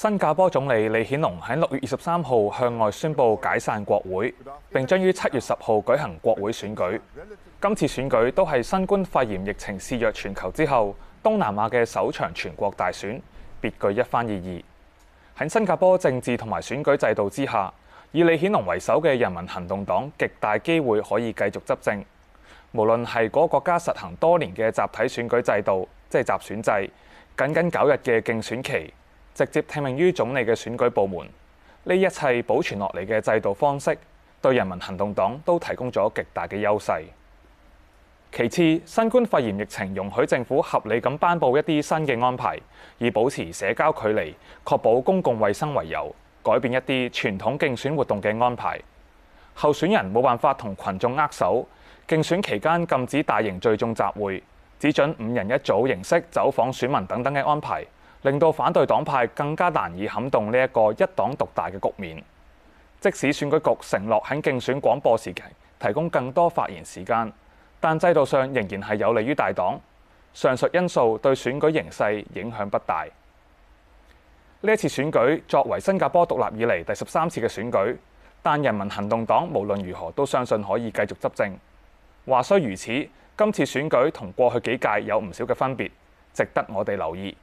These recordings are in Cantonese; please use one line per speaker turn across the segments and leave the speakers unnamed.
新加坡總理李顯龍喺六月二十三號向外宣布解散國會，並將於七月十號舉行國會選舉。今次選舉都係新冠肺炎疫情肆虐全球之後，東南亞嘅首場全國大選，別具一番意義。喺新加坡政治同埋選舉制度之下，以李顯龍為首嘅人民行動黨極大機會可以繼續執政。無論係嗰個國家實行多年嘅集體選舉制度，即係集選制，僅僅九日嘅競選期。直接聽命於總理嘅選舉部門，呢一切保存落嚟嘅制度方式，對人民行動黨都提供咗極大嘅優勢。其次，新冠肺炎疫情容許政府合理咁頒布一啲新嘅安排，以保持社交距離、確保公共衛生為由，改變一啲傳統競選活動嘅安排。候選人冇辦法同群眾握手，競選期間禁止大型聚眾集會，只准五人一組形式走訪選民等等嘅安排。令到反對黨派更加難以撼動呢一個一黨獨大嘅局面。即使選舉局承諾喺競選廣播時期提供更多發言時間，但制度上仍然係有利於大黨。上述因素對選舉形勢影響不大。呢一次選舉作為新加坡獨立以嚟第十三次嘅選舉，但人民行動黨無論如何都相信可以繼續執政。話雖如此，今次選舉同過去幾屆有唔少嘅分別，值得我哋留意。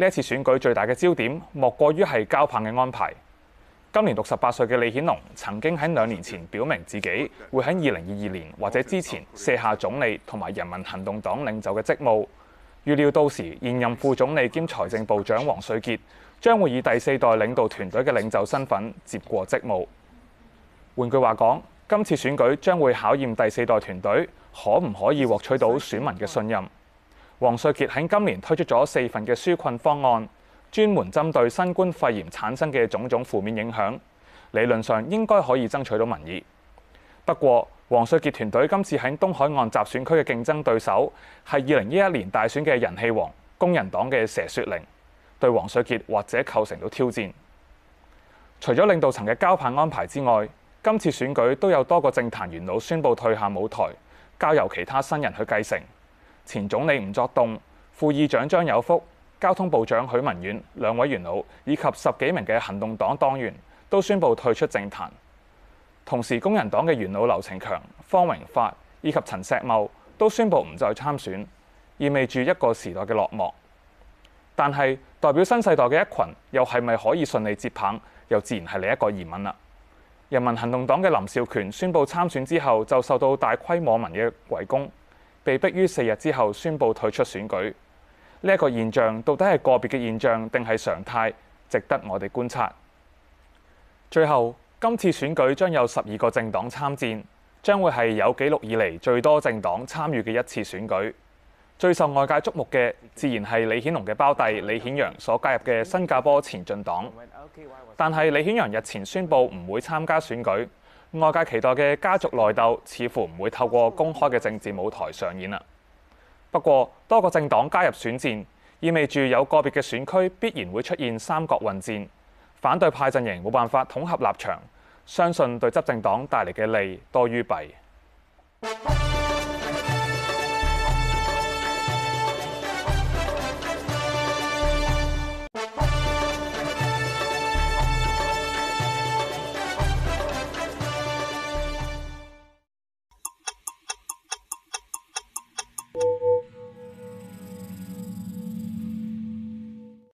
呢一次選舉最大嘅焦點，莫過於係交棒嘅安排。今年六十八歲嘅李顯龍曾經喺兩年前表明自己會喺二零二二年或者之前卸下總理同埋人民行動黨領袖嘅職務。預料到時，現任副總理兼財政部長王瑞傑將會以第四代領導團隊嘅領袖身份接過職務。換句話講，今次選舉將會考驗第四代團隊可唔可以獲取到選民嘅信任。王瑞杰喺今年推出咗四份嘅紓困方案，專門針對新冠肺炎產生嘅種種負面影響，理論上應該可以爭取到民意。不過，王瑞杰團隊今次喺東海岸集選區嘅競爭對手，係二零一一年大選嘅人氣王，工人黨嘅佘雪玲，對王瑞杰或者構成咗挑戰。除咗領導層嘅交棒安排之外，今次選舉都有多個政壇元老宣布退下舞台，交由其他新人去繼承。前總理吳作棟、副議長張有福、交通部長許文遠兩位元老，以及十幾名嘅行動黨黨員都宣布退出政壇。同時，工人黨嘅元老劉程強、方榮發以及陳石茂都宣布唔再參選，意味住一個時代嘅落幕。但係代表新世代嘅一群，又係咪可以順利接棒？又自然係另一個疑問啦。人民行動黨嘅林少權宣布參選之後，就受到大規模網民嘅圍攻。被迫於四日之後宣布退出選舉，呢一個現象到底係個別嘅現象定係常態，值得我哋觀察。最後，今次選舉將有十二個政黨參戰，將會係有記錄以嚟最多政黨參與嘅一次選舉。最受外界矚目嘅，自然係李顯龍嘅胞弟李顯揚所加入嘅新加坡前進黨，但係李顯揚日前宣布唔會參加選舉。外界期待嘅家族內鬥似乎唔會透過公開嘅政治舞台上演啦。不過多個政黨加入選戰，意味住有個別嘅選區必然會出現三角混戰，反對派陣營冇辦法統合立場，相信對執政黨帶嚟嘅利多於弊。